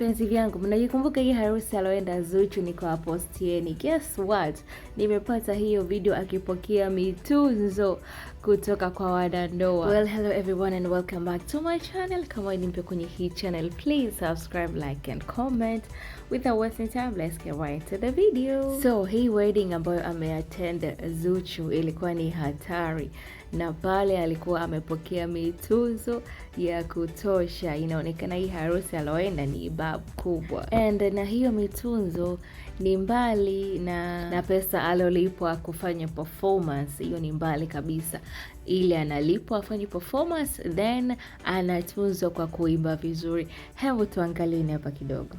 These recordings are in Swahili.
vipenzi vyangu, mnajikumbuka hii harusi aloenda Zuchu ni nikawa postieni. Guess what, nimepata hiyo video akipokea mitunzo kutoka kwa wanandoa. Well, hello everyone and welcome back to my channel. Kama ni mpya kwenye hii channel, please subscribe, like and comment. Without wasting time, let's get right to the video. So hii wedding ambayo ameattend Zuchu ilikuwa ni hatari na pale alikuwa amepokea mituzo ya kutosha. Inaonekana hii harusi aloenda ni babu kubwa, and na hiyo mitunzo ni mbali na na pesa alolipwa kufanya performance, hiyo ni mbali kabisa. Ili analipwa afanye performance then anatunzwa kwa kuimba vizuri. Hebu tuangalieni hapa kidogo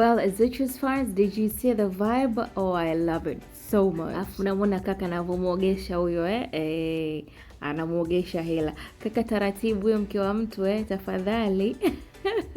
Well, as Zuchu's fans, did you see the vibe? Oh, I love it so much. Alafu namwona kaka anavyomwogesha huyo eh, eh anamwogesha hela kaka, taratibu huyo mke wa mtu eh, tafadhali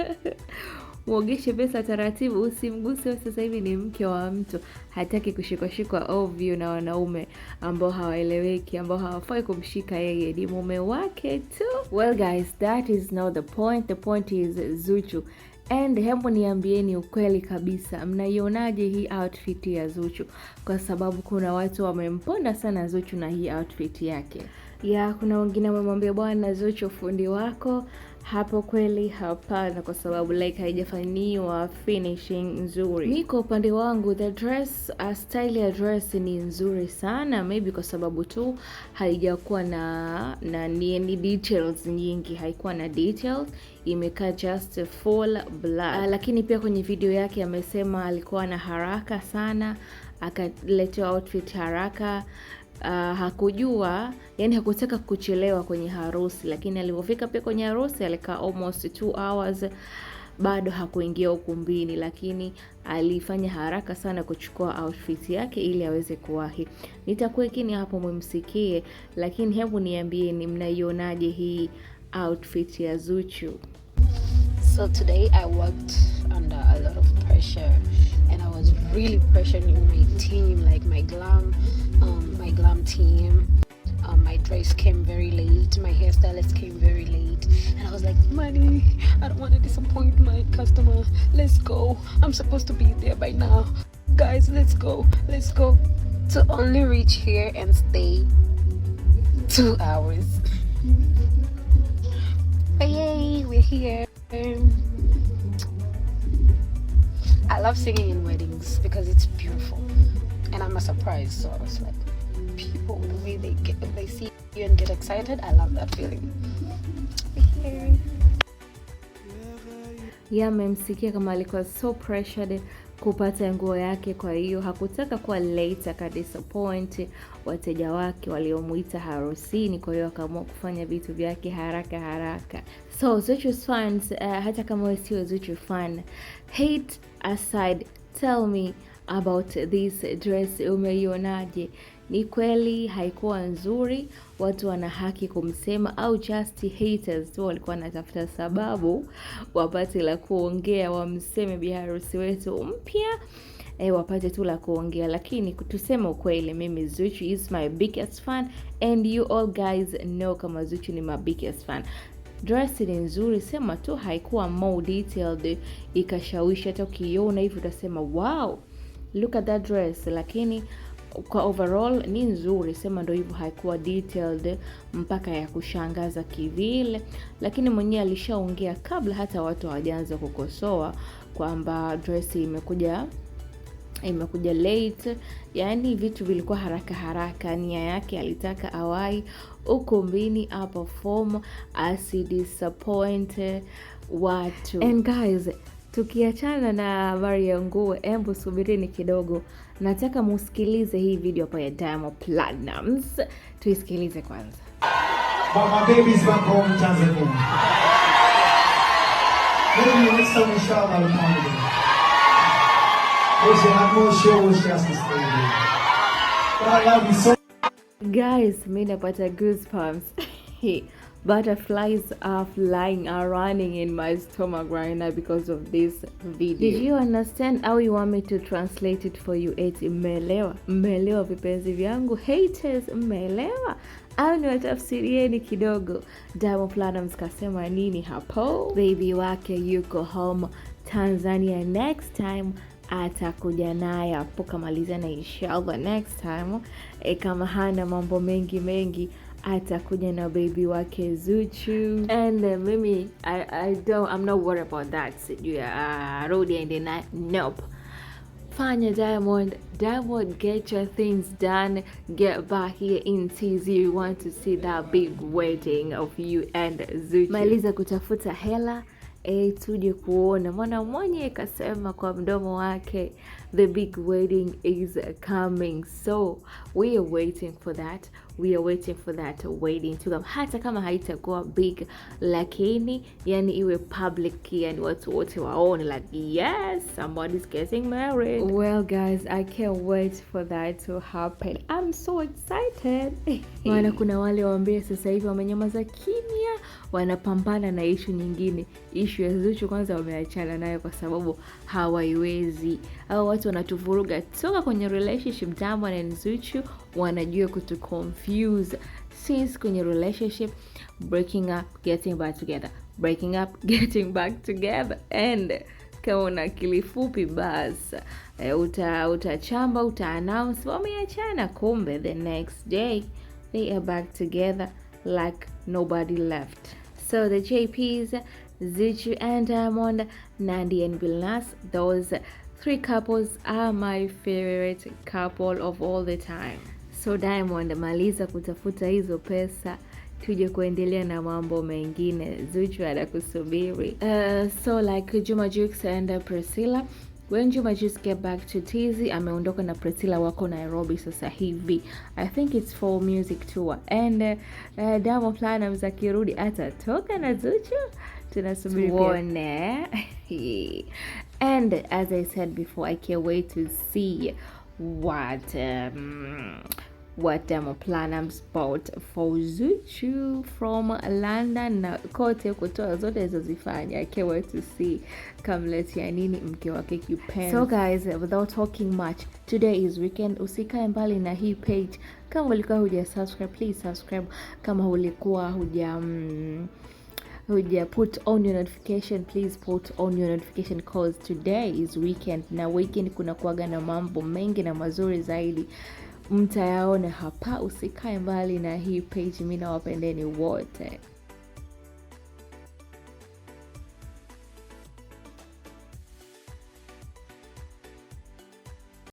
mwogeshe pesa taratibu, usimguse. Sasa hivi ni mke wa mtu, hataki kushikwashikwa ovyo na wanaume ambao hawaeleweki, ambao hawafai kumshika yeye, ni mume wake tu. Well guys, that is not the point. The point is Zuchu And hebu niambieni ukweli kabisa, mnaionaje hii outfit ya Zuchu? Kwa sababu kuna watu wamemponda sana Zuchu na hii outfit yake ya kuna wengine wamemwambia bwana Zuchu, ufundi wako hapo kweli hapana, kwa sababu like haijafanyiwa finishing nzuri. Mi kwa upande wangu the dress, uh, style ya dress ni nzuri sana, maybe kwa sababu tu haijakuwa na na ni, ni details nyingi, haikuwa na details, imekaa just full black. Uh, lakini pia kwenye video yake amesema alikuwa na haraka sana, akaletewa outfit haraka uh, hakujua yani hakutaka kuchelewa kwenye harusi, lakini alivyofika pia kwenye harusi alikaa almost two hours bado hakuingia ukumbini, lakini alifanya haraka sana kuchukua outfit yake ili aweze kuwahi. nitakuekini hapo mwemsikie lakini hebu niambie ni mnaionaje hii outfit ya Zuchu? So today I worked under a lot of pressure. was really pressuring my team, like my glam, um, my glam team. Um, my dress came very late, my hairstylist came very late, and I was like, Money, I don't want to disappoint my customer. Let's go. I'm supposed to be there by now. Guys, let's go. Let's go. To only reach here and stay two hours. but yay, we're here. I love singing in weddings because it's beautiful. And I'm a surprise, so I was like, people, the way they get, they see you and get excited, I love that feeling. Yeah, mmemsikia kama alikuwa so pressured kupata nguo yake. Kwa hiyo hakutaka kuwa late akadisappoint wateja wake waliomuita harusini. Kwa hiyo akaamua kufanya vitu vyake haraka haraka. So Zuchu fans, uh, hata kama wewe sio Zuchu fan, hate aside, tell me about this dress, umeionaje? Ni kweli haikuwa nzuri, watu wana haki kumsema, au just haters tu walikuwa wanatafuta sababu wapate la kuongea, wamseme bi harusi wetu mpya E, wapate tu la kuongea, lakini tuseme ukweli, mimi Zuchu is my biggest fan and you all guys know kama Zuchu ni my biggest fan. Dress ni nzuri, sema tu haikuwa more detailed ikashawishi, hata ukiona hivi utasema wow, look at that dress, lakini kwa overall ni nzuri, sema ndio hivyo, haikuwa detailed mpaka ya kushangaza kivile, lakini mwenyewe alishaongea kabla hata watu hawajaanza kukosoa kwamba dress imekuja imekuja late, yaani vitu vilikuwa haraka haraka. Nia yake alitaka awai ukumbini apa form asidisappoint watu. And guys Tukiachana na habari ya nguo, embu subirini kidogo, nataka musikilize hii video hapa ya Diamond Platnumz, tuisikilize kwanza. Mama babies back home Tanzania. Guys, mimi napata goosebumps. butterflies are flying are running in my stomach right now because of this video. Did you understand how you want me to translate it for you? Eti mmeelewa? Mmeelewa vipenzi vyangu haters, mmeelewa au ni niwatafsirieni kidogo? Diamond Platnumz kasema nini hapo? Baby wake yuko home Tanzania, next time atakuja naye apo kamaliza na inshallah next time e, kama hana mambo mengi mengi atakuja na bebi wake Zuchu and uh, mimi I, I don't, I'm not worried about that sijui uh, Rodi aende nope. Fanya Diamond, Diamond, get your things done. Get back here in TZ. We want to see that big wedding of you and Zuchu. Maliza kutafuta hela E, tuje kuona mwana mwenye ikasema kwa mdomo wake the big wedding is coming, so we are waiting for that we are waiting for that wedding to come, hata kama haitakuwa big, lakini yani iwe public, yani watu wote waone like yes somebody's getting married. Well guys, I can't wait for that to happen. I'm so excited. Maana kuna wale waambie sasa hivi wamenyamaza kimya, wanapambana na ishu nyingine. Ishu ya Zuchu kwanza wameachana nayo kwa sababu hawaiwezi. au watu wanatuvuruga toka kwenye relationship Diamond and Zuchu wanajua kutu confuse since kwenye relationship, breaking up, getting back together, breaking up, getting back together and kama una akili fupi basi eh, uta utachamba uta announce wameachana, kumbe the next day they are back together like nobody left. So the JPs zichu and Diamond, Nandi and Bilnas, those three couples are my favorite couple of all the time. So Diamond, maliza kutafuta hizo pesa tuje kuendelea na mambo mengine. Zuchu anakusubiri. Uh, so like Juma Jux and uh, Priscilla When Juma Jux get back to TZ, ameondoka na Priscilla wako Nairobi sasa hivi. I think it's for music tour. And uh, uh, Damo Platnumz akirudi atatoka na Zuchu, tunasubiri tuone. And as I said before, I can't wait to see what um, what Diamond um, Platnumz bought for Zuchu from London na kote kutoa zote alizozifanya. I can't wait to see kamletia nini mke wake kipenda. So guys, without talking much, today is weekend. Usikae mbali na hii page. Kama ulikuwa huja subscribe, please subscribe. Kama ulikuwa huja mm, huja put on your notification please put on your notification cause today is weekend, na weekend kuna kuaga na mambo mengi na mazuri zaidi mtayaona hapa, usikae mbali na hii page, mimi nawapendeni wote.